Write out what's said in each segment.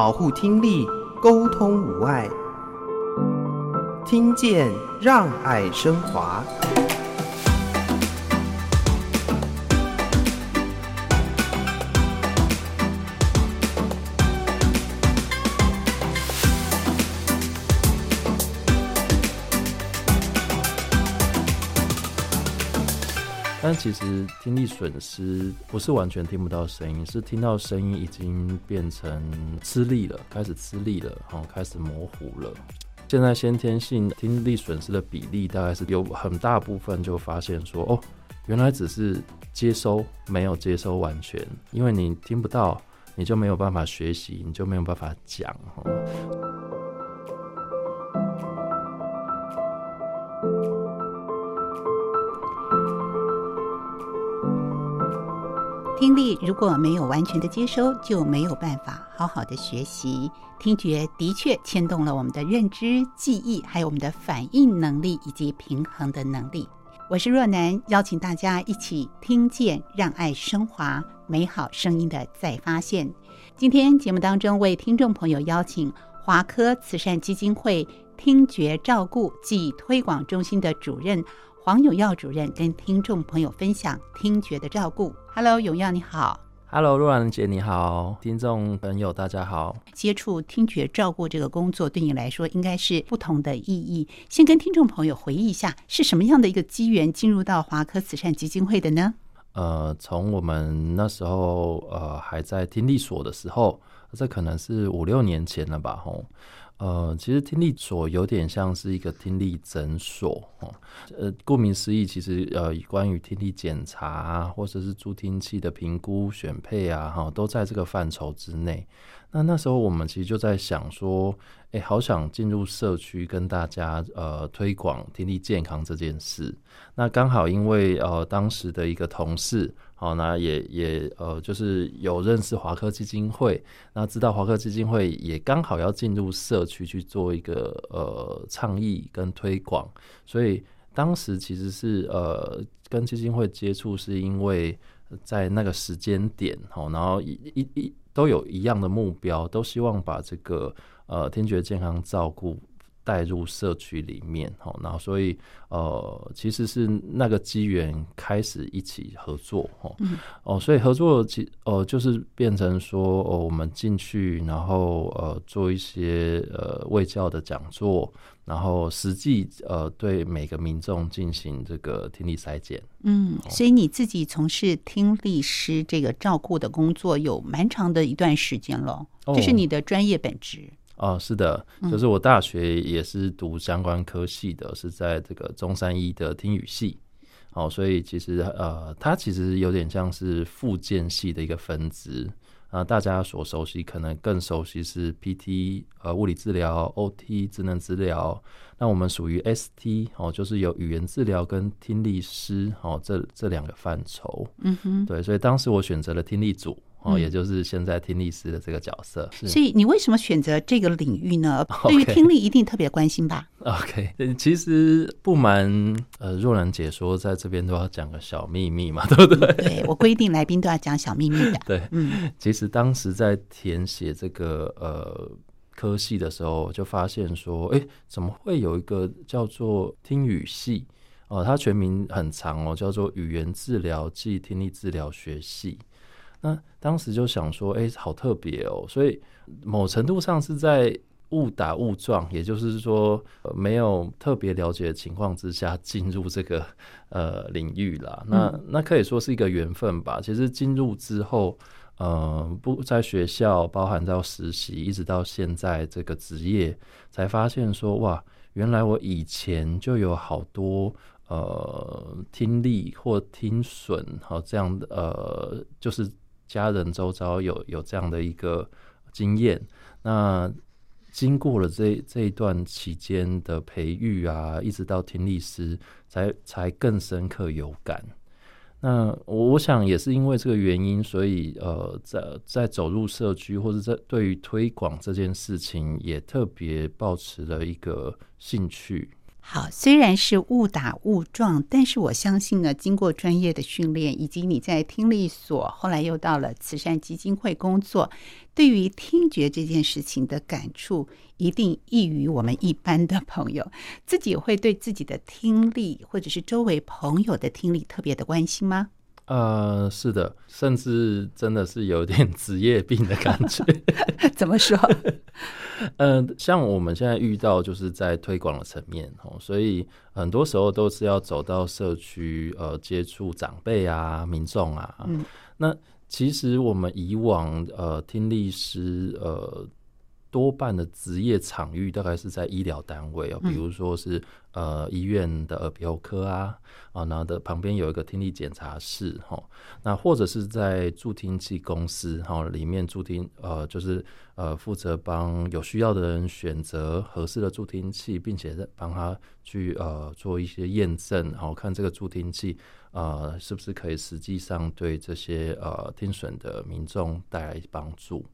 保護聽力，溝通無礙，聽見讓愛聲華。但其實聽力損失不是完全聽不到聲音，是聽到聲音已經變成吃力了，開始吃力了，然後開始模糊了。現在先天性聽力損失的比例大概是有很大部分就發現說，哦，原來只是接收，沒有接收完全，因為你聽不到，你就沒有辦法學習，你就沒有辦法講。聽力如果沒有完全的接收，就沒有辦法好好的學習。聽覺的確牽動了我們的認知、記憶，還有我們的反應能力以及平衡的能力。我是若男，邀請大家一起聽見，讓愛聲華，美好聲音的再發現。今天節目當中為聽眾朋友邀請華科慈善基金會聽覺照顧暨推廣中心的主任。黃詠耀主任跟聽眾朋友分享聽覺的照顧。Hello，詠耀你好。Hello，若男姐你好。聽眾朋友大家好。接觸聽覺照顧這個工作，對你來說應該是不同的意義。先跟聽眾朋友回憶一下，是什麼樣的一個機緣進入到華科慈善基金會的呢？呃，從我們那時候呃還在聽力所的時候，這可能是五六年前了吧，吼。呃，其實聽力所有點像是一個聽力診所哦，呃，顧名思義，其實呃，關於聽力檢查啊，或者是助聽器的評估選配啊，哈，都在這個範疇之內。那那時候我們其實就在想說，哎、欸，好想進入社區跟大家呃推廣聽力健康這件事。那剛好因為呃，當時的一個同事。好、哦，那也也呃，就是有認識華科基金會，那知道華科基金會也剛好要進入社區去做一個呃倡議跟推廣，所以當時其實是呃跟基金會接觸，是因為在那個時間點，好、哦，然後一一一都有一樣的目標，都希望把這個呃聽覺健康照顧帶入社區裡面，然後所以呃，其實是那個機緣開始一起合作，哦，哦，所以合作其呃就是變成說，哦、呃，我們進去，然後呃做一些呃衛教的講座，然後實際呃對每個民眾進行這個聽力篩檢。嗯，所以你自己從事聽力師這個照顧的工作有蠻長的一段時間了，這、就是你的專業本職。哦哦、啊，是的，就是我大學也是讀相關科系的，嗯、是在這個中山醫的聽語系。哦，所以其實呃，它其實有點像是復健系的一個分支啊。大家所熟悉，可能更熟悉是 PT 呃物理治療、OT 職能治療。那我們屬於 ST 哦，就是有語言治療跟聽力師哦這這兩個範疇。嗯哼，對，所以當時我選擇了聽力組。哦，也就是現在聽力師的這個角色。所以你為什麼選擇這個領域呢？對於聽力一定特別關心吧？OK，OK，其實不瞞呃若男姐說，在這邊都要講個小秘密嘛，對不對？對，我規定來賓都要講小秘密的。 對，其實當時在填寫這個呃科系的時候，就發現說，哎、欸，怎麼會有一個叫做聽語系？哦、呃，它全名很長哦，叫做語言治療暨聽力治療學系。那當時就想說，欸，好特別哦！所以某程度上是在誤打誤撞，也就是說沒有特別了解的情況之下進入這個呃領域啦。嗯。那那可以說是一個緣分吧。其實進入之後，呃，不在學校，包含到實習，一直到現在這個職業，才發現說，哇，原來我以前就有好多呃聽力或聽損好，這樣的呃，就是。家人周遭，有有這樣的一個經驗，那經過了這這一段期間的培育啊，一直到聽力師才，才才更深刻有感。那我想也是因為這個原因，所以呃，在在走入社區或者在對於推廣這件事情，也特別保持了一個興趣。好，雖然是誤打誤撞，但是我相信呢，經過專業的訓練，以及你在聽力所，後來又到了慈善基金會工作，對於聽覺這件事情的感觸，一定異於我們一般的朋友。自己會對自己的聽力，或者是周圍朋友的聽力特別的關心嗎？呃，是的，甚至真的是有點職業病的感覺。 怎麼說？呃，像我們現在遇到，就是在推廣的層面哦，所以很多時候都是要走到社區，呃，接觸長輩啊、民眾啊、嗯。那其實我們以往呃，聽力師呃。多半的職業場域大概是在醫療單位哦，比如說是呃醫院的耳鼻喉科啊啊，然後的旁邊有一個聽力檢查室哈、哦，那或者是在助聽器公司哈、哦，裡面助聽呃就是呃負責幫有需要的人選擇合適的助聽器，並且幫他去呃做一些驗證，然後看這個助聽器呃，是不是可以實際上對這些呃聽損的民眾帶來幫助。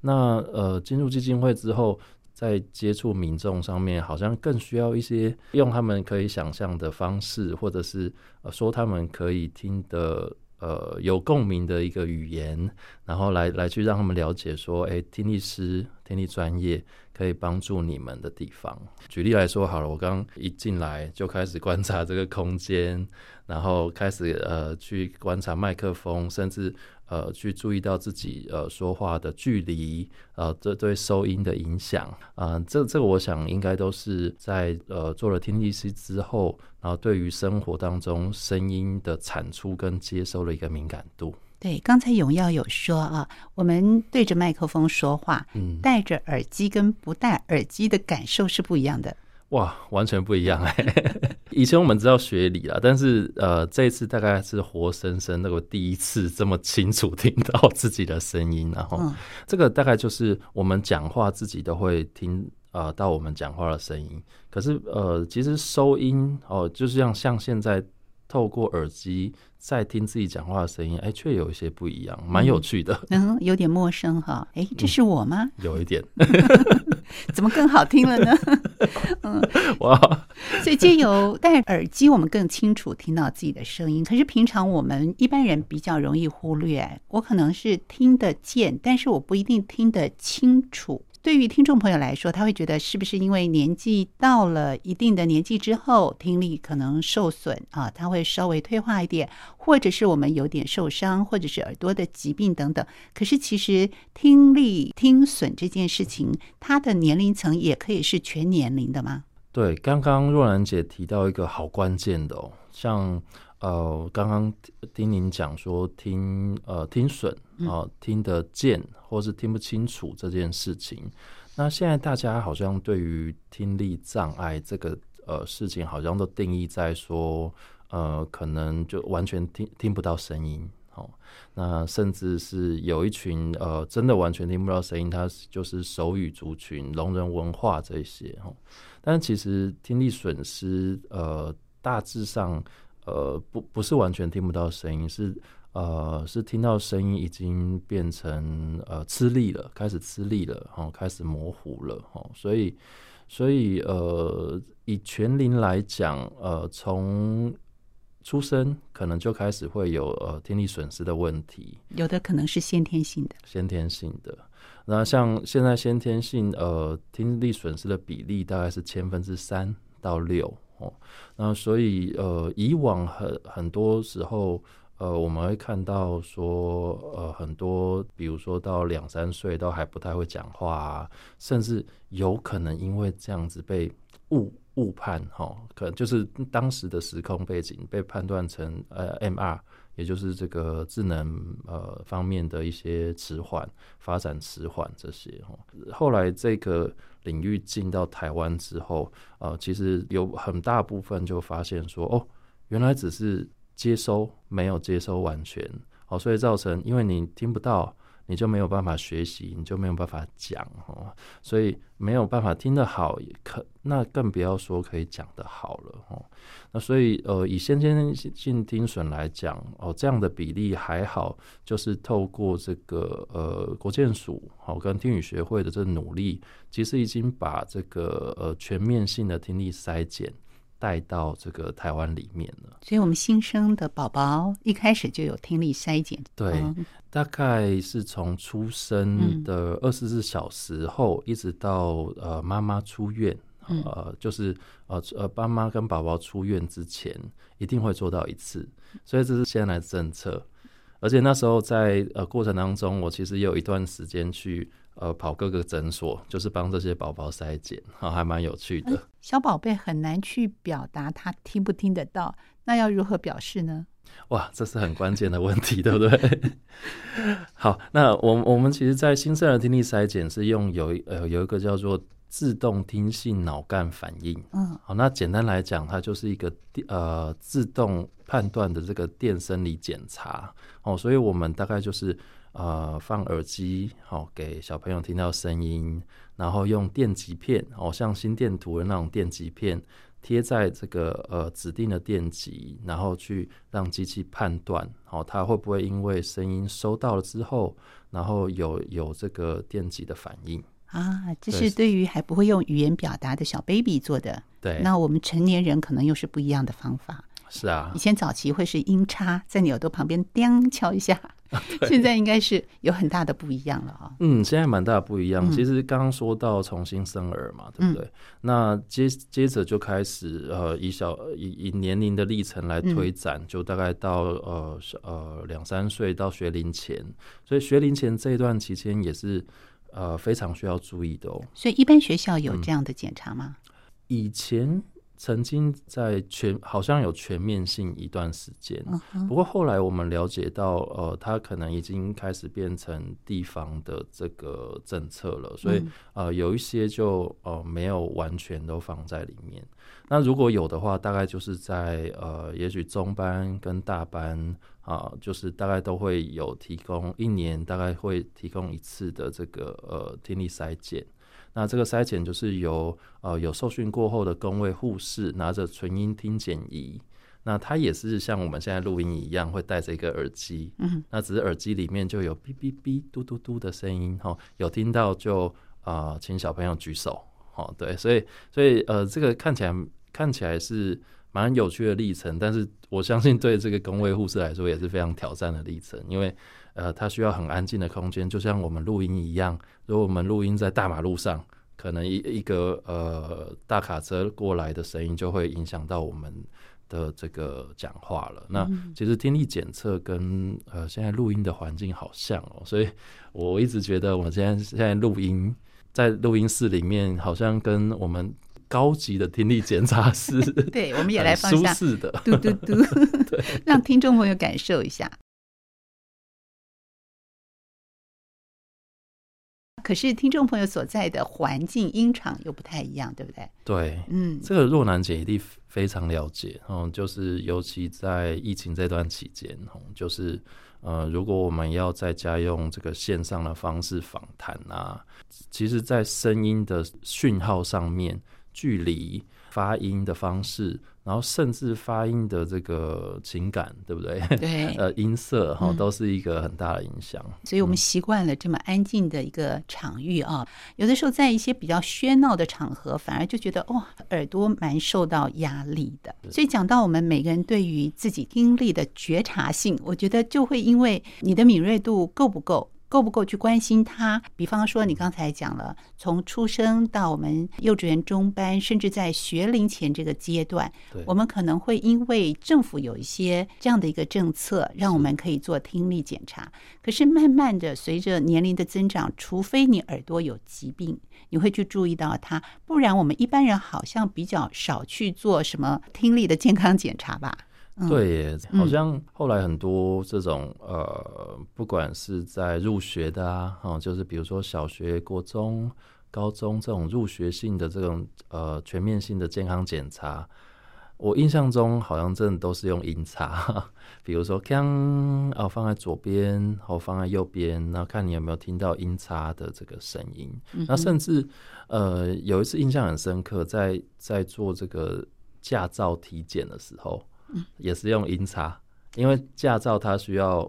那呃，進入基金會之後，在接觸民眾上面，好像更需要一些用他們可以想象的方式，或者是、呃、說他們可以聽的呃有共鳴的一個語言，然後來來去讓他們了解說，誒、欸，聽力師、聽力專業可以幫助你們的地方。舉例來說，好了，我剛一進來就開始觀察這個空間，然後開始呃去觀察麥克風，甚至。呃，去注意到自己呃說話的距離，呃，這對，對收音的影響，啊、呃，這這個我想應該都是在呃做了聽力師之後，然、呃、後對於生活當中聲音的產出跟接收的一個敏感度。對，剛才詠耀有說啊，我們對着麥克風說話，嗯，戴着耳機跟不戴耳機的感受是不一樣的。哇，完全不一樣哎！ 以前我們知道學理了，但是呃，這一次大概是活生生那個第一次這麼清楚聽到自己的聲音，啊，然後、嗯、這個大概就是我們講話自己都會聽呃，到我們講話的聲音。可是呃，其實收音哦、呃，就是像像現在。透過耳機在聽自己講話的聲音，哎，卻有一些不一樣，蠻有趣的，嗯，有點陌生哈，哎、欸，這是我嗎？嗯、有一點， 怎麼更好聽了呢？嗯，哇， 所以借由戴耳機，我們更清楚聽到自己的聲音。可是平常我們一般人比較容易忽略，我可能是聽得見，但是我不一定聽得清楚。對於聽眾朋友來說，他會覺得是不是因為年紀到了一定的年紀之後，聽力可能受損啊？他會稍微退化一點，或者是我們有點受傷，或者是耳朵的疾病等等。可是其實聽力聽損這件事情，它的年齡層也可以是全年齡的嗎？對，剛剛若男姐提到一個好關鍵的哦，像。呃，剛剛聽您講說聽呃聽損啊、呃、聽得見或是聽不清楚這件事情，那現在大家好像對於聽力障礙這個呃事情好像都定義在說呃可能就完全聽聽不到聲音哦，那甚至是有一群呃真的完全聽不到聲音，他就是手語族群、聾人文化這些哦，但其實聽力損失呃大致上。呃，不，不是完全聽不到聲音，是呃，是聽到聲音已經變成呃吃力了，開始吃力了，哦，開始模糊了，哦，所以，所以呃，以全齡來講，呃，從出生可能就開始會有呃聽力損失的問題，有的可能是先天性的，先天性的。那像現在先天性呃聽力損失的比例大概是千分之三到六。哦，那所以呃，以往很很多時候，呃，我們會看到說，呃，很多比如說到兩三歲都還不太會講話啊，甚至有可能因為這樣子被誤誤判，哈，哦，可能就是當時的時空背景被判斷成呃 MR。也就是這個智能、呃方面的一些遲緩，發展遲緩這些哦，後來這個領域進到台灣之後，呃，其實有很大部分就發現說，哦，原來只是接收沒有接收完全，好，哦，所以造成因為你聽不到，你就沒有辦法學習，你就沒有辦法講哦，所以沒有辦法聽得好也可，可那更不要說可以講得好了哦。那所以呃，以先天性聽損來講哦，這樣的比例還好，就是透過這個呃國健署好、呃、跟聽語學會的這個努力，其實已經把這個呃全面性的聽力篩檢帶到這個台灣裡面了，所以我們新生的寶寶一開始就有聽力篩檢，對、嗯，大概是從出生的二十四小時後，一直到呃媽媽出院，呃、嗯、就是呃呃爸媽跟寶寶出院之前，一定會做到一次，所以這是現在來的政策，而且那時候在呃過程當中，我其實也有一段時間去。呃，跑各個診所，就是幫這些寶寶篩檢啊，還蠻有趣的。嗯、小寶貝很難去表達他聽不聽得到，那要如何表示呢？哇，這是很關鍵的問題， 對不對？ 好，那我們我們其實，在新生兒聽力篩檢是用有呃有一個叫做自動聽性腦幹反應，嗯，好、哦，那簡單來講，它就是一個呃自動判斷的這個電生理檢查哦，所以我們大概就是。呃，放耳機好，哦，給小朋友聽到聲音，然後用電極片哦，像心電圖的那種電極片貼在這個呃指定的電極，然後去讓機器判斷哦，它會不會因為聲音收到了之後，然後有有這個電極的反應啊？這是對於還不會用語言表達的小 baby 做的。對，那我們成年人可能又是不一樣的方法。是啊，以前早期會是音叉在你耳朵旁邊叮敲一下，現在應該是有很大的不一樣了哈、哦、嗯，現在蠻大的不一樣。其實剛剛說到從新生兒嘛，嗯、對不對？那接接着就開始呃，以小以以年齡的歷程來推展，嗯、就大概到呃呃兩三歲到學齡前，所以學齡前這一段期間也是呃非常需要注意的哦。所以一般學校有這樣的檢查嗎？嗯、以前。曾經在全好像有全面性一段時間，不過後來我們了解到，呃，它可能已經開始變成地方的這個政策了，所以呃，有一些就呃沒有完全都放在裡面。那如果有的話，大概就是在呃，也許中班跟大班啊，就是大概都會有提供一年，大概會提供一次的這個呃聽力篩檢。那這個篩檢就是由呃有受訓過後的公衛護士拿着純音聽檢儀，那他也是像我們現在錄音一樣，會戴着一個耳機，嗯，那只是耳機裡面就有嗶嗶嗶、嘟嘟嘟的聲音哈，有聽到就啊、呃，請小朋友舉手哦，對，所以所以呃，這個看起來看起來是蠻有趣的歷程，但是我相信對這個公衛護士來說也是非常挑戰的歷程，因為，呃，它需要很安靜的空間，就像我們錄音一樣。如果我們錄音在大馬路上，可能一一個呃大卡車過來的聲音就會影響到我們的這個講話了。那其實聽力檢測跟呃現在錄音的環境好像哦，所以我一直覺得我們現在現在錄音在錄音室裡面，好像跟我們高級的聽力檢查室 對，我們也來放一下 舒適的嘟嘟嘟嘟， 對，讓聽眾朋友感受一下。可是聽眾朋友所在的環境音場又不太一樣，對不對？對，嗯，這個若男姐一定非常了解，嗯、哦，就是尤其在疫情這段期間，哦、就是呃，如果我們要在家用這個線上的方式訪談啊，其實，在聲音的訊號上面，距離。發音的方式，然後甚至發音的這個情感，對不對？對，呃，音色哈、嗯，都是一個很大的影響。所以我們習慣了這麼安靜的一個場域啊、哦嗯，有的時候在一些比較喧鬧的場合，反而就覺得哦，耳朵蠻受到壓力的。所以講到我們每個人對於自己聽力的覺察性，我覺得就會因為你的敏銳度夠不夠。夠不夠去關心他？比方說，你剛才講了，從出生到我們幼稚園中班，甚至在學齡前這個階段，我們可能會因為政府有一些這樣的一個政策，讓我們可以做聽力檢查。是。可是慢慢的，隨着年齡的增長，除非你耳朵有疾病，你會去注意到它，不然我們一般人好像比較少去做什麼聽力的健康檢查吧。對耶、嗯，好像後來很多這種呃，不管是在入學的啊，哈、嗯，就是比如說小學、國中、高中這種入學性的這種呃全面性的健康檢查，我印象中好像真的都是用音叉，比如說剛，啊、呃、放在左邊，然後放在右邊，然後看你有沒有聽到音叉的這個聲音。嗯、那甚至呃有一次印象很深刻，在在做這個駕照體檢的時候。嗯、也是用音叉，因為駕照它需要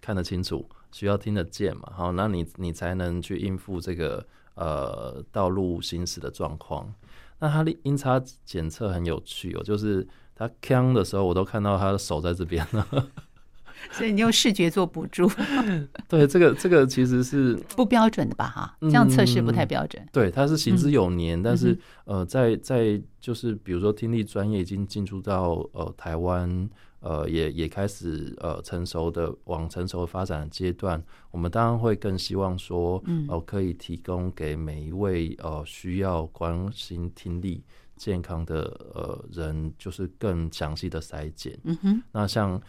看得清楚，需要聽得見嘛，好，那你你才能去應付這個呃道路行駛的狀況。那它的音叉檢測很有趣哦，就是它開的時候，我都看到他的手在這邊了。所以你用視覺做輔助 對，對，這個這個其實是不標準的吧？哈、嗯，這樣測試不太標準。對，它是行之有年，嗯、但是、嗯、呃，在在就是比如說，聽力專業已經進入到呃台灣，呃，台灣呃也也開始呃成熟的往成熟的發展的階段，我們當然會更希望說，嗯、呃，哦可以提供給每一位呃需要關心聽力健康的呃人，就是更詳細的篩檢。嗯哼，那像。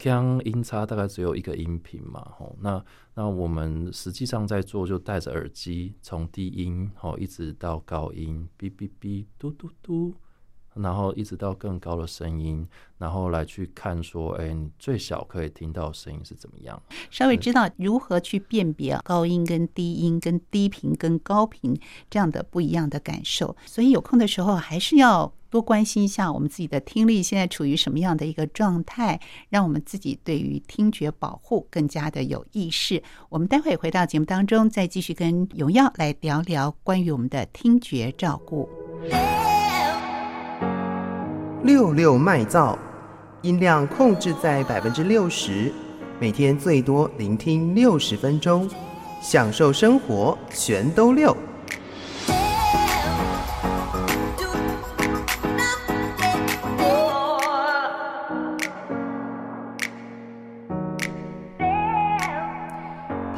將音差大概只有一個音頻嘛，吼，那那我們實際上在做就，就戴着耳機，從低音吼一直到高音，嗶嗶嗶，嘟嘟嘟。嘟然後一直到更高的聲音，然後來去看說，哎，你最小可以聽到的聲音是怎麼樣？稍微知道如何去辨別高音跟低音，跟低頻跟高頻這樣的不一樣的感受。所以有空的時候，還是要多關心一下我們自己的聽力現在處於什麼樣的一個狀態，讓我們自己對於聽覺保護更加的有意識。我們待會回到節目當中，再繼續跟詠耀來聊聊關於我們的聽覺照顧。Hey. 六六麥噪，音量控制在百分之六十，每天最多聆聽六十分鐘，享受生活，全都六。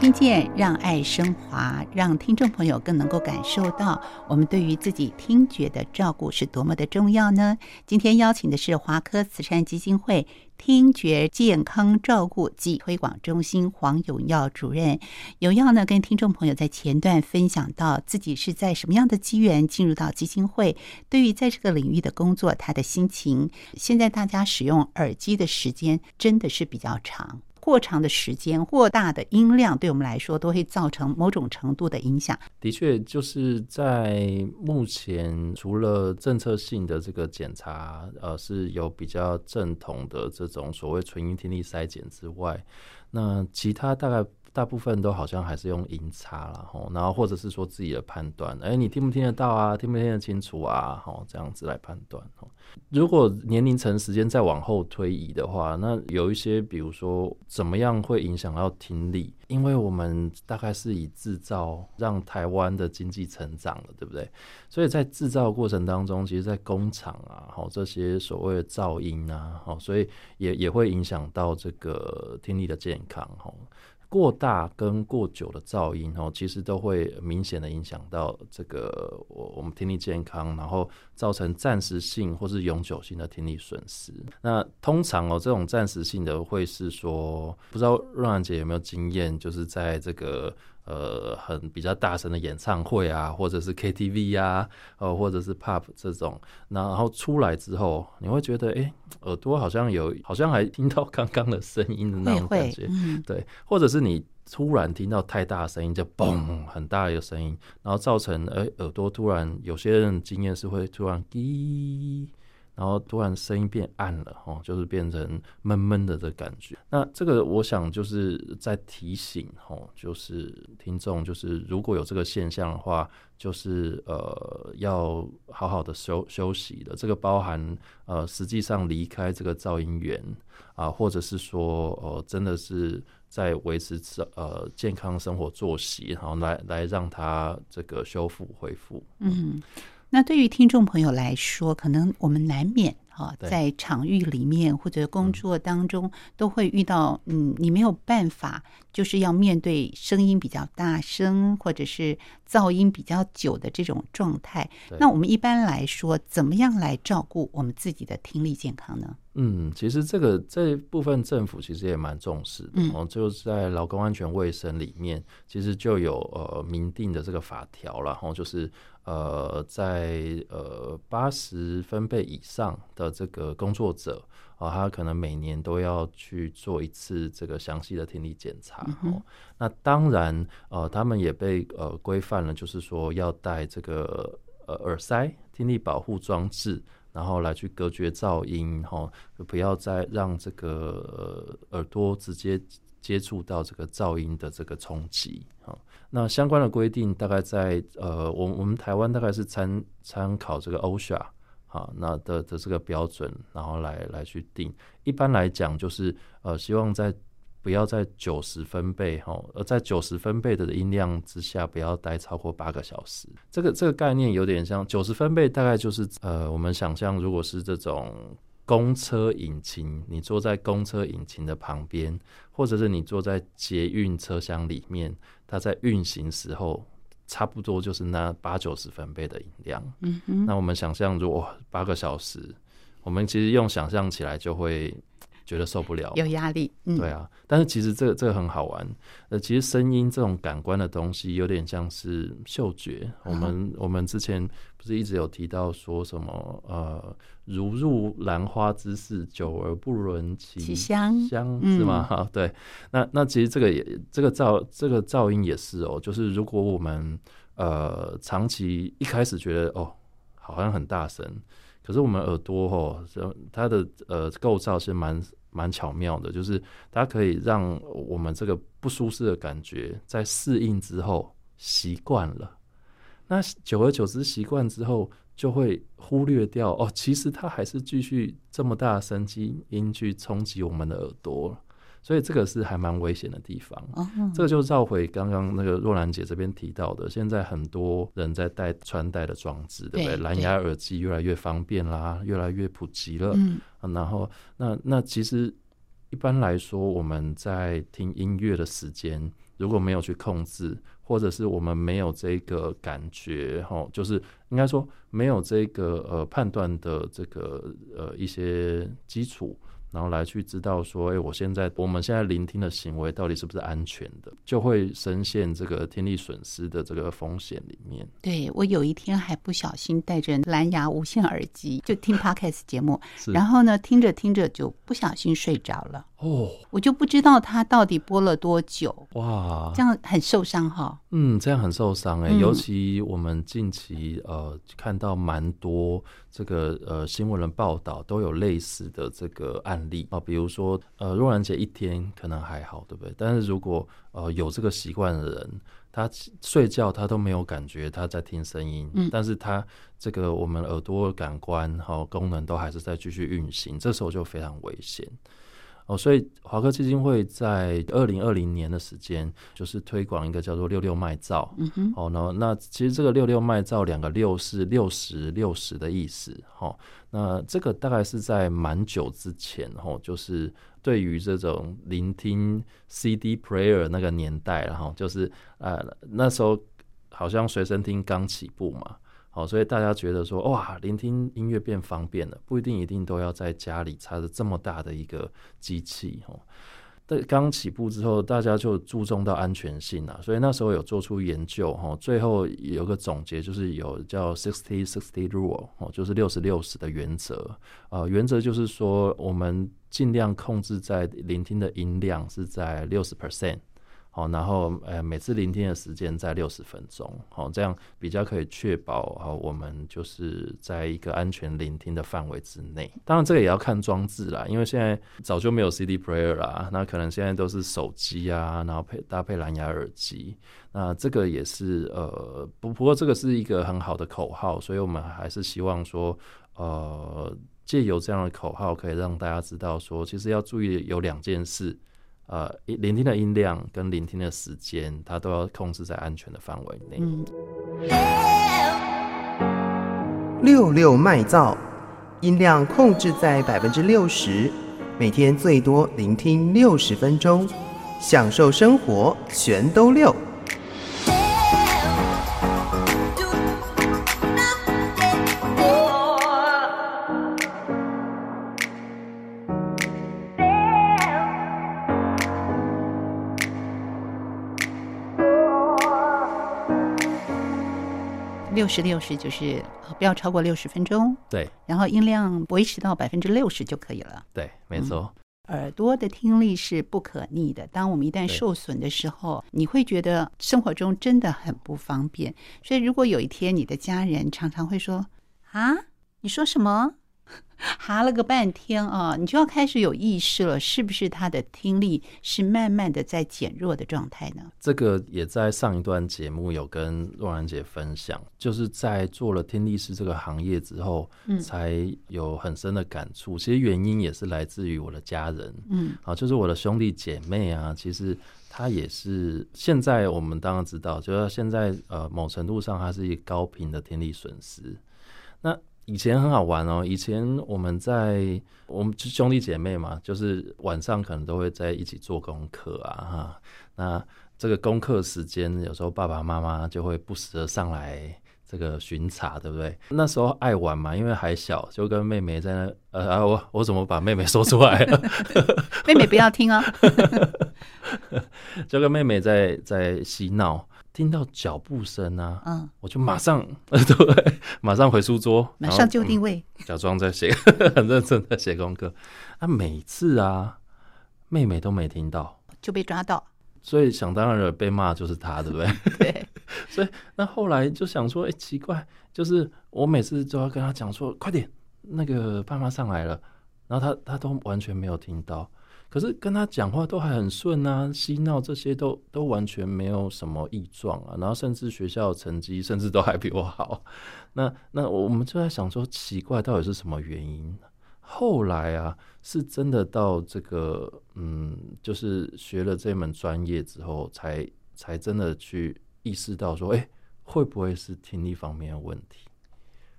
聽見，讓愛升華，讓聽眾朋友更能夠感受到我們對於自己聽覺的照顧是多麼的重要呢？今天邀請的是華科慈善基金會聽覺健康照顧暨推廣中心黃詠耀主任。詠耀呢，跟聽眾朋友在前段分享到自己是在什麼樣的機緣進入到基金會，對於在這個領域的工作，他的心情。現在大家使用耳機的時間真的是比較長。過長的時間、過大的音量，對我們來說都會造成某種程度的影響。的確，就是在目前，除了政策性的這個檢查，呃，是有比較正統的這種所謂純音聽力篩檢之外，那其他大概。大部分都好像還是用音叉啦，吼，然後或者是說自己的判斷，誒，你聽不聽得到啊？聽不聽得清楚啊？吼，這樣子來判斷。如果年齡層時間再往後推移的話，那有一些比如說怎麼樣會影響到聽力？因為我們大概是以制造讓台灣的經濟成長了，對不對？所以在制造過程當中，其實，在工廠啊，吼，這些所謂的噪音啊，吼，所以也也會影響到這個聽力的健康，吼。過大跟過久的噪音哦，其實都會明顯的影響到這個我我們聽力健康，然後造成暫時性或是永久性的聽力損失。那通常哦，這種暫時性的會是說，不知道若男姐有沒有經驗，就是在這個。呃，很比較大聲的演唱會啊，或者是 KTV 啊，呃、或者是 Pub 這種，然後出來之後，你會覺得，哎、欸，耳朵好像有，好像還聽到剛剛的聲音的那種感覺，會會嗯嗯對，或者是你突然聽到太大聲音，就嘣很大一個聲音，然後造成，哎、欸，耳朵突然，有些人的經驗是會突然滴。然後突然聲音變暗了，吼、哦，就是變成悶悶的的感覺。那這個我想就是在提醒，吼、哦，就是聽眾，就是如果有這個現象的話，就是呃要好好的休休息的。這個包含呃實際上離開這個噪音源啊、呃，或者是說、呃、真的是在維持這呃健康生活作息，然後來來讓它這個修復恢復。嗯。那對於聽眾朋友來說，可能我們難免，在場域裡面或者工作當中，都會遇到嗯，你沒有辦法，就是要面對聲音比較大聲或者是噪音比較久的這種狀態。那我們一般來說，怎麼樣來照顧我們自己的聽力健康呢？嗯，其實這個這部分政府其實也蠻重視的，然、嗯、後就在勞工安全衛生裡面，其實就有呃明定的這個法條，然後就是呃在呃八十分貝以上。呃，這個工作者啊，他可能每年都要去做一次這個詳細的聽力檢查。嗯、哦，那當然，呃，他們也被呃規範了，就是說要戴這個呃耳塞、聽力保護裝置，然後來去隔絕噪音，哈、哦，不要再讓這個、呃、耳朵直接接觸到這個噪音的這個衝擊。哈、哦，那相關的規定大概在呃，我我們台灣大概是參參考這個 OSHA。好，那的的這個標準，然後來來去定。一般來講，就是呃，希望在不要在九十分貝哈、哦，而在九十分貝的音量之下，不要待超過八個小時。這個這個概念有點像九十分貝，大概就是呃，我們想象如果是這種公車引擎，你坐在公車引擎的旁邊，或者是你坐在捷運車廂裡面，它在運行時候。差不多就是那八九十分貝的音量。嗯哼，那我們想象如果八個小時，我們其實用想象起來就會。覺得受不了，有壓力、嗯，對啊。但是其實這個這個很好玩。呃、其實聲音這種感官的東西，有點像是嗅覺。嗯、我們我們之前不是一直有提到說什麼呃，如入蘭花之室，久而不聞其香其香，是嗎？哈、嗯， 對。那那其實這個也這個噪這個噪音也是哦。就是如果我們呃長期一開始覺得哦好像很大聲，可是我們耳朵哦它的呃構造是蠻。蠻巧妙的，就是它可以讓我們這個不舒適的感覺，在適應之後習慣了，那久而久之習慣之後，就會忽略掉，哦，其實它還是繼續這麼大的聲音去衝擊我們的耳朵了。所以這個是還蠻危險的地方，oh, 這個就繞回剛剛那個若蘭姐這邊提到的，嗯，現在很多人在戴穿戴的裝置對不對？對，藍牙耳機越來越方便啦，越來越普及了。嗯，啊、然後那那其實一般來說，我們在聽音樂的時間如果沒有去控制，或者是我們沒有這個感覺，吼，就是應該說沒有這個呃判斷的這個呃一些基礎。然後來去知道說，誒，我現在我們現在聆聽的行為到底是不是安全的，就會深陷這個聽力損失的這個風險裡面。對，我有一天還不小心戴着藍牙無線耳機就聽 Podcast 節目， 然後呢聽着聽着就不小心睡着了。哦，我就不知道他到底播了多久。哇，這樣很受傷哈、哦。嗯，這樣很受傷哎、欸嗯，尤其我們近期呃看到蠻多這個呃新聞的報道，都有類似的這個案例啊、哦，比如說呃若然姐一天可能還好，對不對？但是如果呃有這個習慣的人，他睡覺他都沒有感覺他在聽聲音，嗯，但是他這個我們耳朵的感官和、哦、功能都還是在繼續運行，這時候就非常危險。哦，所以華科基金會在二零二零年的時間，就是推廣一個叫做“六六麥造”。嗯哼、哦，然後那其實這個“六六麥造”兩個六是六十六十的意思。哦，那這個大概是在蠻久之前，哦，就是對於這種聆聽 CD player 那個年代，然後，哦，就是呃，那時候好像隨身聽剛起步嘛。好、哦，所以大家覺得說哇，聆聽音樂變方便了，不一定一定都要在家裡插着這麼大的一個機器哦。但剛起步之後，大家就注重到安全性了，啊，所以那時候有做出研究哦。最後有個總結，就是有叫 “sixty-sixty rule” 哦，就是六十六十的原則。呃，原則就是說，我們盡量控制在聆聽的音量是在六十 percent。好，然後呃，每次聆聽的時間在六十分鐘，好，這樣比較可以確保啊，我們就是在一個安全聆聽的範圍之內。當然，這個也要看裝置啦，因為現在早就沒有 CD player 啦，那可能現在都是手機啊，然後配搭配藍牙耳機，那這個也是呃，不不過這個是一個很好的口號，所以我們還是希望說，呃，借由這樣的口號可以讓大家知道說，其實要注意有兩件事。呃，聆聽的音量跟聆聽的時間，它都要控制在安全的範圍內。六六麥噪，音量控制在百分之六十，每天最多聆聽六十分鐘，享受生活，全都六。六十，六十就是不要超過六十分鐘。對，然後音量維持到百分之六十就可以了。對，沒錯。嗯。耳朵的聽力是不可逆的，當我們一旦受損的時候，你會覺得生活中真的很不方便。所以，如果有一天你的家人常常會說：“啊，你說什麼？”哈了個半天啊，你就要開始有意識了，是不是？他的聽力是慢慢的在減弱的狀態呢？這個也在上一段節目有跟若男姐分享，就是在做了聽力師這個行業之後，才有很深的感觸。其實原因也是來自於我的家人，嗯，啊，就是我的兄弟姐妹啊，其實他也是。現在我們當然知道，就是現在呃，某程度上它是一個高頻的聽力損失，那。以前很好玩哦，以前我們在我們就兄弟姐妹嘛，就是晚上可能都會在一起做功課啊，哈，那這個功課時間有時候爸爸媽媽就會不時的上來這個巡查，對不對？那時候愛玩嘛，因為還小，就跟妹妹在那，呃啊，我我怎麼把妹妹說出來了？ 妹妹不要聽哦、啊 ， 就跟妹妹在在嬉鬧。聽到腳步聲啊，嗯，我就馬上，對，馬上回書桌，馬上就定位，嗯、假裝在寫，很認真在寫功課。啊，每次啊，妹妹都沒聽到，就被抓到。所以想當然了被罵的被罵就是他，對不對？對。 所以那後來就想說，哎、欸，奇怪，就是我每次都要跟他講說，快點，那個爸媽上來了，然後他他都完全沒有聽到。可是跟他講話都還很順啊，嬉鬧這些都都完全沒有什麼異狀啊，然後甚至學校成績甚至都還比我好。那那我們就在想說，奇怪到底是什麼原因？後來啊，是真的到這個嗯，就是學了這門專業之後，才才真的去意識到說，哎、欸，會不會是聽力方面的問題？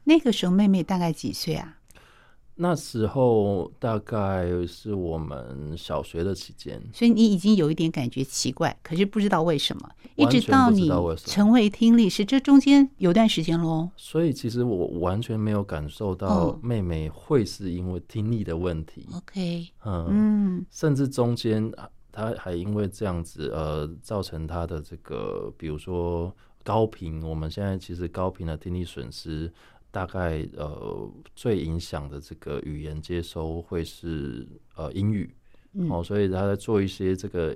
那個時候妹妹大概幾歲啊？那時候大概是我們小學的期間，所以你已經有一點感覺奇怪，可是不知道為什麼，一直到你成為聽力師，這中間有段時間嘍。所以其實我完全沒有感受到妹妹會是因為聽力的問題。OK，嗯，甚至中間她還因為這樣子呃，造成她的這個，比如說高頻，我們現在其實高頻的聽力損失。大概呃最影響的這個語言接收會是呃英語、嗯、哦，所以他在做一些這個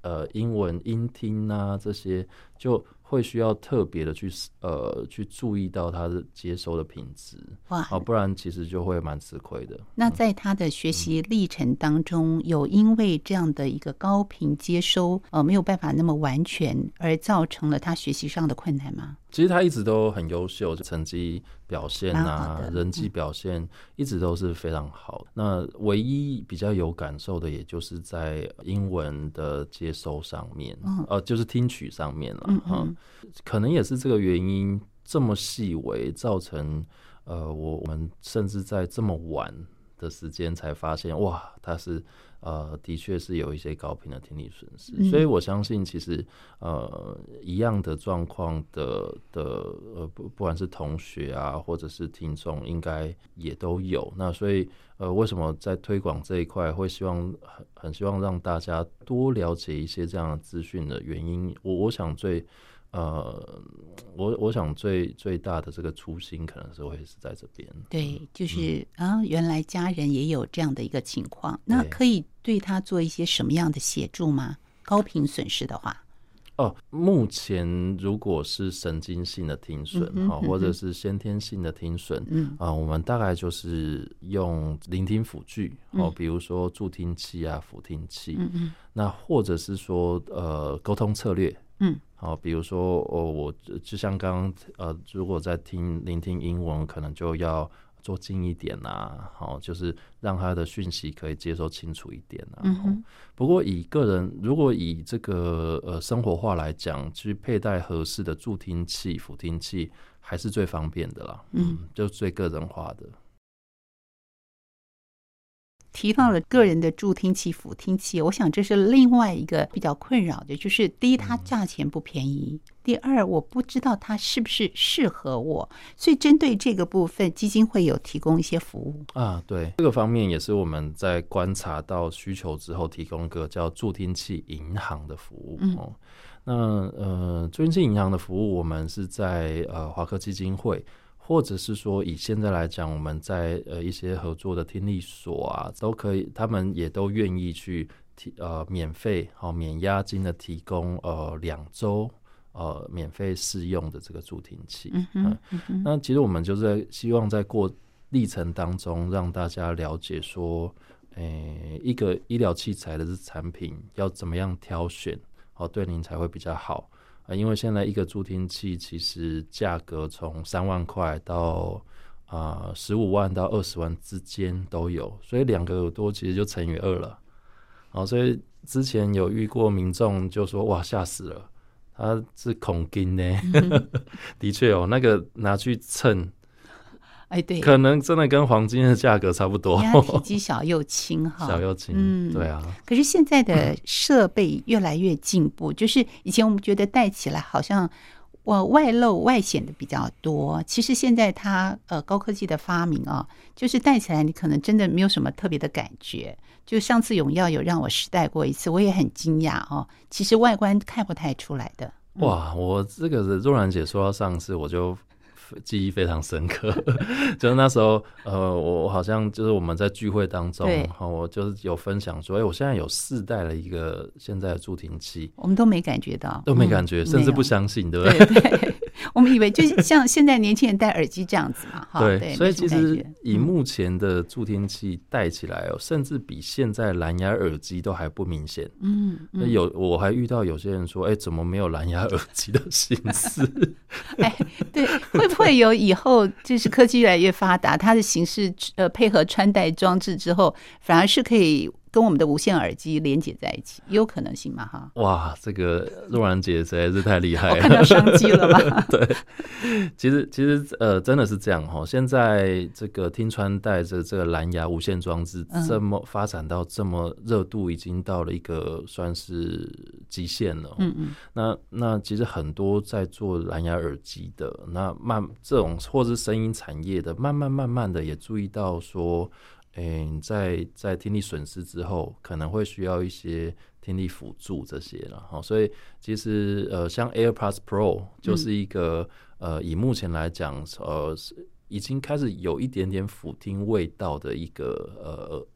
呃英文音聽啊這些，就會需要特別的去呃去注意到他的接收的品質，哇，哦，不然其實就會蠻吃虧的。那在他的學習歷程當中、嗯，有因為這樣的一個高頻接收，呃沒有辦法那麼完全，而造成了他學習上的困難嗎？其實他一直都很優秀，成績表現啊，人際表現一直都是非常好。嗯、那唯一比較有感受的，也就是在英文的接收上面，嗯、呃，就是聽取上面了、啊嗯嗯。嗯，可能也是這個原因，這麼細微造成，呃，我們甚至在這麼晚的時間才發現，哇，它是呃，的確是有一些高頻的聽力損失，嗯，所以我相信其實呃，一樣的狀況的的呃不，不管是同學啊，或者是聽眾，應該也都有。那所以呃，為什麼在推廣這一塊會希望很很希望讓大家多了解一些這樣的資訊的原因？我我想最。呃，我我想最最大的這個初心可能是會是在這邊。對，就是、嗯、啊，原來家人也有這樣的一個情況，那可以對他做一些什麼樣的協助嗎？高頻損失的話，哦、呃，目前如果是神經性的聽損啊、嗯嗯，或者是先天性的聽損，嗯啊、嗯呃，我們大概就是用聆聽輔具，哦、呃嗯，比如說助聽器啊、輔聽器，嗯，那或者是說呃，溝通策略。嗯，好，比如說哦，我就像剛剛呃，如果在聽聆聽英文，可能就要坐近一點啦、啊，好、哦，就是讓他的訊息可以接收清楚一點啊、嗯哦。不過以個人，如果以這個呃生活化來講，去佩戴合適的助聽器、輔聽器，還是最方便的啦。嗯，嗯就最個人化的。提到了個人的助聽器、輔聽器，我想這是另外一個比較困擾的，就是第一，它價錢不便宜；嗯，第二，我不知道它是不是適合我。所以針對這個部分，基金會有提供一些服務啊。對，這個方面也是我們在觀察到需求之後提供一個叫助聽器銀行的服務。嗯，那呃，助聽器銀行的服務，我們是在呃華科基金會。或者是說，以現在來講，我們在呃一些合作的聽力所啊，都可以，他們也都願意去提呃免費好、喔、免押金的提供呃兩週呃免費試用的這個助聽器。嗯哼，嗯哼嗯，那其實我們就是希望在過歷程當中讓大家了解說，誒、欸、一個醫療器材的產品要怎麼樣挑選，哦、喔、對您才會比較好。啊，因為現在一個助聽器其實價格從三萬塊到啊十五萬到二十萬之間都有，所以兩個耳朵其實就乘以二了。好、啊，所以之前有遇過民眾就說：“哇，嚇死了，他是恐驚呢。嗯” 的確哦，那個拿去稱。哎、欸，對、啊，可能真的跟黃金的價格差不多、欸。它體積小又輕哈，小又輕，嗯，對啊、嗯。可是現在的設備越來越進步，就是以前我們覺得戴起來好像我外露外顯的比較多，其實現在它呃高科技的發明啊、喔，就是戴起來你可能真的沒有什麼特別的感覺。就上次詠耀有讓我試戴過一次，我也很驚訝哦。其實外觀看不太出來的、嗯。哇，我這個若男姐說到上次我就。記憶非常深刻， 就是那時候，呃，我好像就是我們在聚會當中，哈，我就是有分享說，哎、欸，我現在有四代了一個現在的助聽器，我們都沒感覺到，都沒感覺，嗯、甚至不相信，嗯、對不對,對？ 我們以為就是像現在年輕人戴耳機這樣子嘛，哈。 對，所以其實以目前的助聽器戴起來哦、嗯，甚至比現在藍牙耳機都還不明顯。嗯，嗯有我還遇到有些人說，哎、欸，怎麼沒有藍牙耳機的形式？哎、 欸，對， 會。會有以後，就是科技越來越發達，它的形式呃配合穿戴裝置之後，反而是可以。跟我們的無線耳機連接在一起，有可能性嗎？哈！哇，這個若男姐實在是太厲害了， 看到商機了吧？ 對，其實其實呃，真的是這樣哈。現在這個聽穿戴着這個藍牙無線裝置，這麼發展到這麼熱度，已經到了一個算是極限了。嗯嗯，那那其實很多在做藍牙耳機的，那慢這種或是聲音產業的，慢慢慢慢的也注意到說。嗯、欸，在在聽力損失之後，可能會需要一些聽力輔助這些了哈。所以其實呃，像 AirPods Pro 就是一個、嗯、呃，以目前來講，呃，已經開始有一點點輔聽味道的一個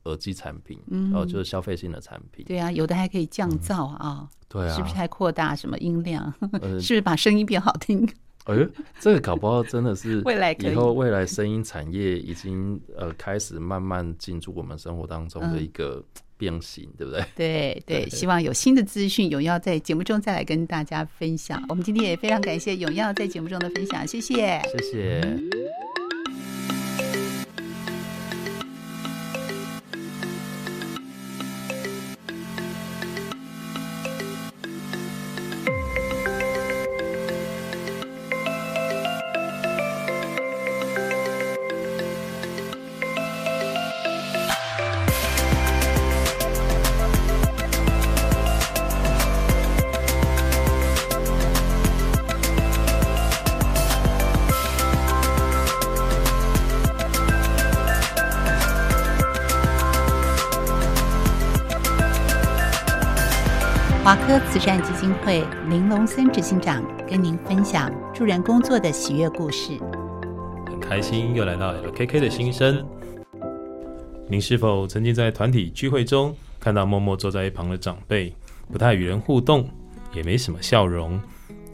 呃耳機產品，然、嗯、後、呃、就是消費性的產品。對啊，有的還可以降噪啊、嗯，對啊、哦，是不是還擴大什麼音量？ 是不是把聲音變好聽？呃哎，這個搞不好真的是，以後未來聲音產業已經呃開始慢慢進入我們生活當中的一個變形、嗯，對不對？對對，希望有新的資訊，詠耀在節目中再來跟大家分享。我們今天也非常感謝詠耀在節目中的分享，謝謝，謝謝。慈善基金會林龍森執行長跟您分享助人工作的喜悅故事。很開心又來到 LKK 的心聲。您是否曾經在團體聚會中看到默默坐在一旁的長輩，不太與人互動，也沒什麼笑容，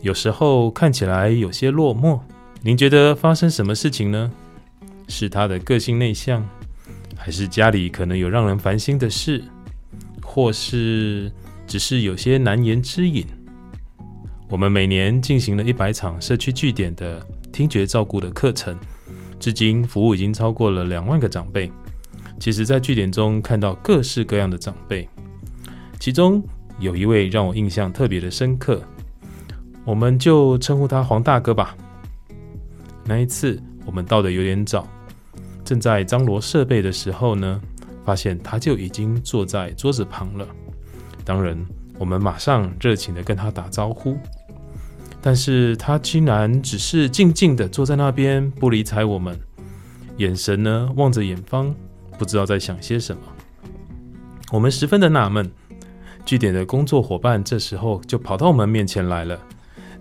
有時候看起來有些落寞？您覺得發生什麼事情呢？是他的個性內向，還是家裡可能有讓人煩心的事，或是？只是有些難言之隱。我們每年進行了一百場社區據點的聽覺照顧的課程，至今服務已經超過了兩萬個長輩。其實，在據點中看到各式各樣的長輩，其中有一位讓我印象特別的深刻，我們就稱呼他黃大哥吧。那一次我們到得有點早，正在張羅設備的時候呢，發現他就已經坐在桌子旁了。當然，我們馬上熱情地跟他打招呼，但是他竟然只是靜靜地坐在那邊，不理睬我們，眼神呢望着遠方，不知道在想些什麼。我們十分的納悶。據點的工作夥伴這時候就跑到我們面前來了，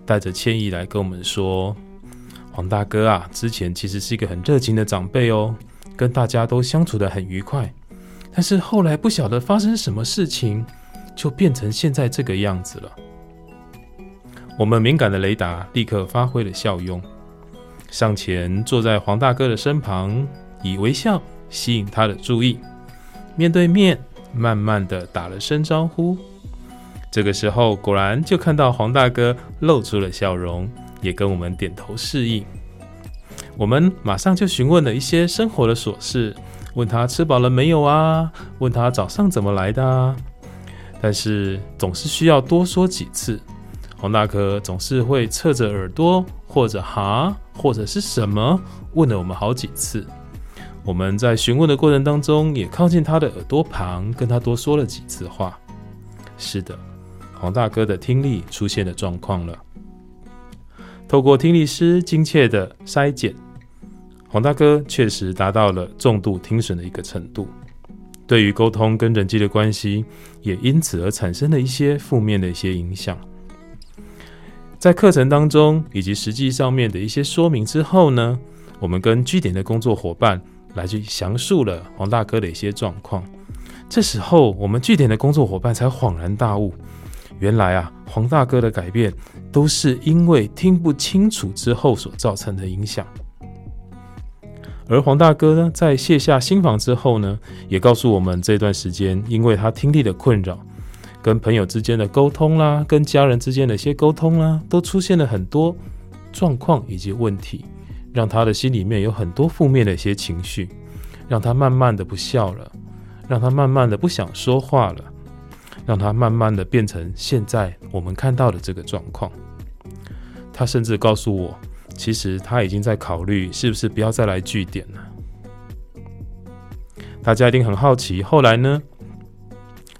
帶着歉意來跟我們說：“黃大哥啊，之前其實是一個很熱情的長輩哦，跟大家都相處得很愉快，但是後來不曉得發生什麼事情。”就變成現在這個樣子了。我們敏感的雷達立刻發揮了效用，上前坐在黃大哥的身旁，以微笑吸引他的注意。面對面，慢慢的打了聲招呼。這個時候，果然就看到黃大哥露出了笑容，也跟我們點頭示意。我們馬上就詢問了一些生活的瑣事，問他吃飽了沒有啊？問他早上怎麼來的啊？但是總是需要多說幾次，黃大哥總是會側着耳朵，或者哈，或者是什麼，問了我們好幾次。我們在詢問的過程當中，也靠近他的耳朵旁，跟他多說了幾次話。是的，黃大哥的聽力出現了狀況了。透過聽力師精確的篩檢，黃大哥確實達到了重度聽損的一個程度。對於溝通跟人際的關係，也因此而產生了一些負面的一些影響。在課程當中以及實際上面的一些說明之後呢，我們跟據點的工作夥伴來去詳述了黃大哥的一些狀況。這時候，我們據點的工作夥伴才恍然大悟，原來啊，黃大哥的改變都是因為聽不清楚之後所造成的影響。而黃大哥呢，在卸下心防之後呢，也告訴我們，這段時間因為他聽力的困擾，跟朋友之間的溝通啦，跟家人之間的一些溝通啦，都出現了很多狀況以及問題，讓他的心裡面有很多負面的一些情緒，讓他慢慢的不笑了，讓他慢慢的不想說話了，讓他慢慢的變成現在我們看到的這個狀況。他甚至告訴我。其實他已經在考慮是不是不要再來據點了。大家一定很好奇，後來呢？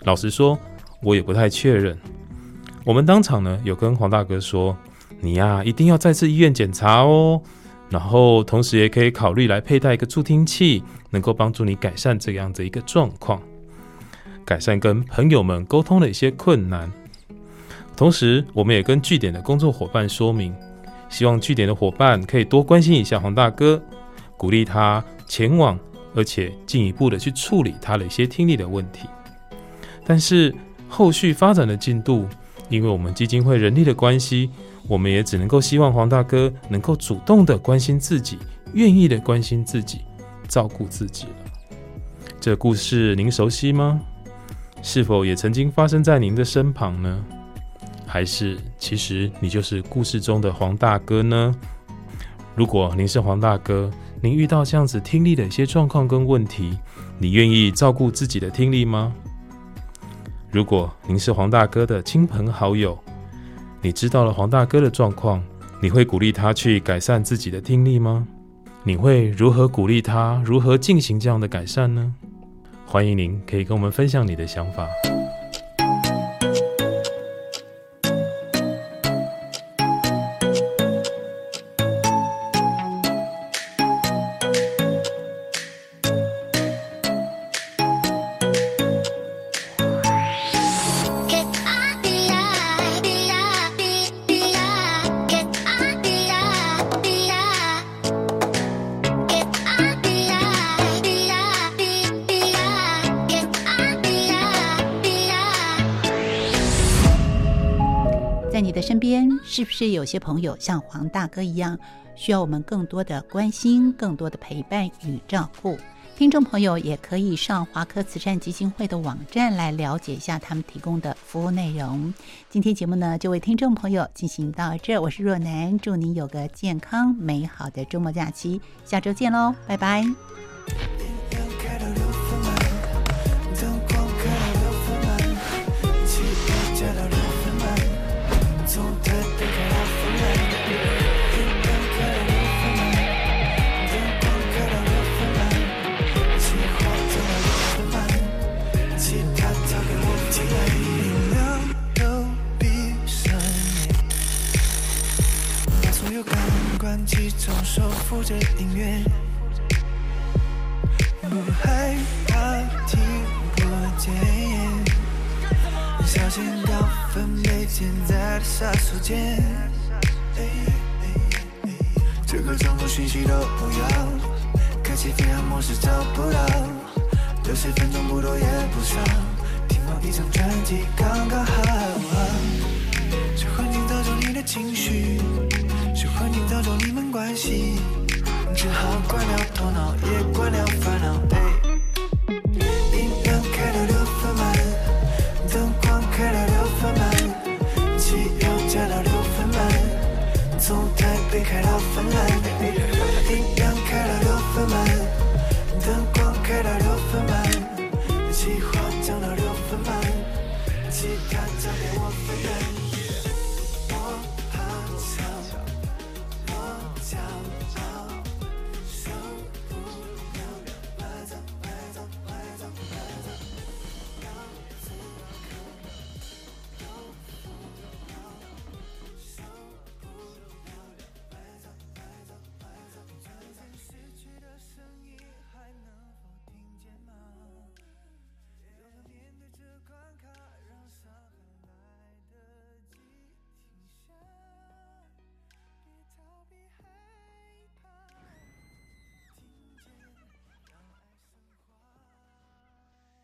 老實說，我也不太確認。我們當場呢，有跟黃大哥說：“你呀、啊，一定要再次醫院檢查哦。”然後，同時也可以考慮來佩戴一個助聽器，能夠幫助你改善這樣的一個狀況，改善跟朋友們溝通的一些困難。同時，我們也跟據點的工作夥伴說明。希望據點的夥伴可以多關心一下黃大哥，鼓勵他前往，而且進一步的去處理他的一些聽力的問題。但是後續發展的進度，因為我們基金會人力的關係，我們也只能夠希望黃大哥能夠主動的關心自己，願意的關心自己，照顧自己了。這故事您熟悉嗎？是否也曾經發生在您的身旁呢？還是，其實你就是故事中的黃大哥呢？如果您是黃大哥，您遇到這樣子聽力的一些狀況跟問題，你願意照顧自己的聽力嗎？如果您是黃大哥的親朋好友，你知道了黃大哥的狀況，你會鼓勵他去改善自己的聽力嗎？你會如何鼓勵他？如何進行這樣的改善呢？歡迎您可以跟我們分享你的想法。在你的身邊，是不是有些朋友像黃大哥一樣，需要我們更多的關心、更多的陪伴與照顧？聽眾朋友也可以上華科慈善基金會的網站來了解一下他們提供的服務內容。今天節目呢，就為聽眾朋友進行到這兒。我是若男，祝您有個健康美好的周末假期，下周見嘍，拜拜。關機中，收聽着音樂，我害怕聽不見、哎。小心高分貝潛在的殺手鐧、哎。哎哎哎哎，這個狀態訊息都不要，開啟飛航模式找不到。六十分鐘不多也不少，聽完一張專輯剛剛好。這環境造就你的情緒。心只好關了頭腦，也關了煩惱。